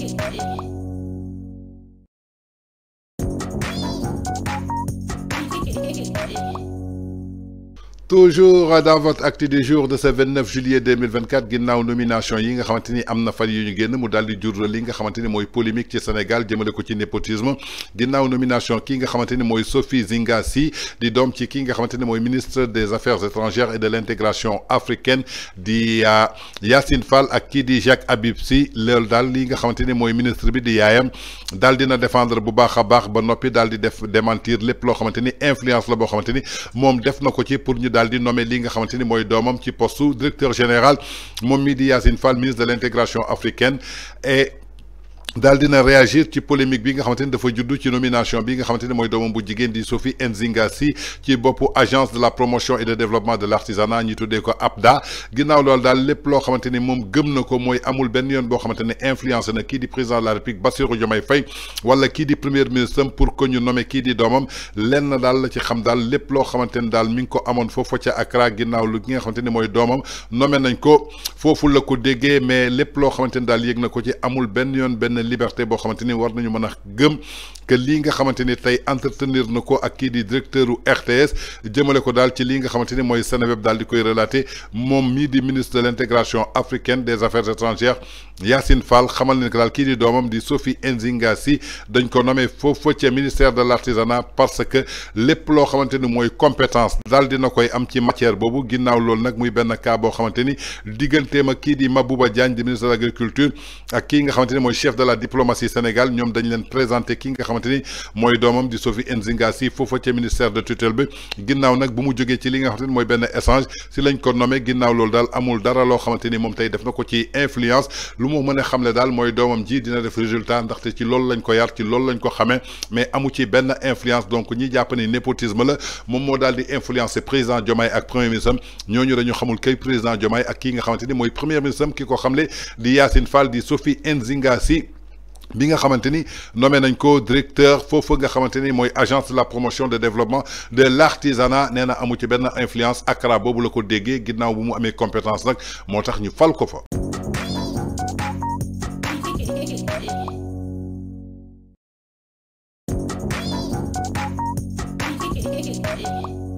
Thank you. toujours dans votre acte du jour de ce 29 juillet 2024 ginnaaw nomination yi nga xamanteni amna am na yu ñu genn mu daldi di li nga xamanteni moy polémique ci Sénégal jëmele ko ci népotisme ginnaaw nomination ki nga xamanteni moy Sophie Zingasi, di dom ci ki nga xamanteni moy ministre des affaires étrangères et de l'intégration africaine di euh, Yacine Fall ak ki di Jacques Habib Si leul dal li nga xamanteni moy ministre bi di yaayam daldi na défendre bu baax baax ba nopi daldi def démentir lepp lo xamanteni influence la bo xamanteni Mom def nako ci pour ñu daal di nommé li nga xamanteni moy domam ci directeur général Momidi mii ministre de l'intégration africaine et Dal dina réagir ci polémique bi nga de ni dafa ci nomination bi nga de ni bu Sophie Nzingasi, qui ci agence de la promotion et de développement de l'artisanat ñi tuddee ko APDA ginnaaw loolu lépp na amul Benyon, bo boo influence qui dit président de la république Bassirou Diomaye Faye wala qui di premier ministre pour que ñu nommé qui di doomam lenn le la ci xam daal lépp loo xamante ni daal mi ngi ko amoon foofu ca Accra ginnaaw lu gi nga xamante mais lépp loo xamante na ci amul benyon liberté bo xamanteni war nañu mëna gëm que li nga xamanteni tay entretenir nako ak directeur ou RTS j'aimerais ko dal ci li nga xamanteni moy mooy Seneweb di koy relaté mon midi ministre de l'intégration africaine des affaires étrangères yassine Fall xamal ne que daal di di Sophie Nzingasi, d'un dañ ko nommé fofu ci ministère de l'artisanat parce que les lo xamanteni moy compétence dal di nakoy am ci matière Bobu, ginnaw lol nak muy benn cas bo xamanteni di Mabouba Diagne di ministre de l'agriculture ak king nga xamanteni chef de la diplomatie Sénégal ñom dañ leen présenter ki nga xamante ni di Sophie Nzingasi, Sy ministère de tutelle bi ginnaw nak bu mu joggé ci li nga xamanteni moy ben échange si lañ ko nommé ginnaw lool dal amul dara lo xamanteni mom tay def ci influence lu mu mën a xamle daal mooy ji dina def résultat ndaxte ci lool lañ ko yar ci lañ ko mais amu ci influence donc ñi japp ni népotisme la mom mo dal di influencer président Diomaye ak premier ministre am dañu xamul kay président Diomaye ak ki nga xamanteni ni premier ministre kiko ki di Yassine Fall di Sophie Nzinga bi nga xamanteni nommé nañ ko directeur fofu nga xamanteni moy agence de la promotion de développement de l'artisanat, néna amu ci ben influence ACRA bobu la ko déggee ginnaaw bu mu amee compétence nak motax ñu fal ko fa.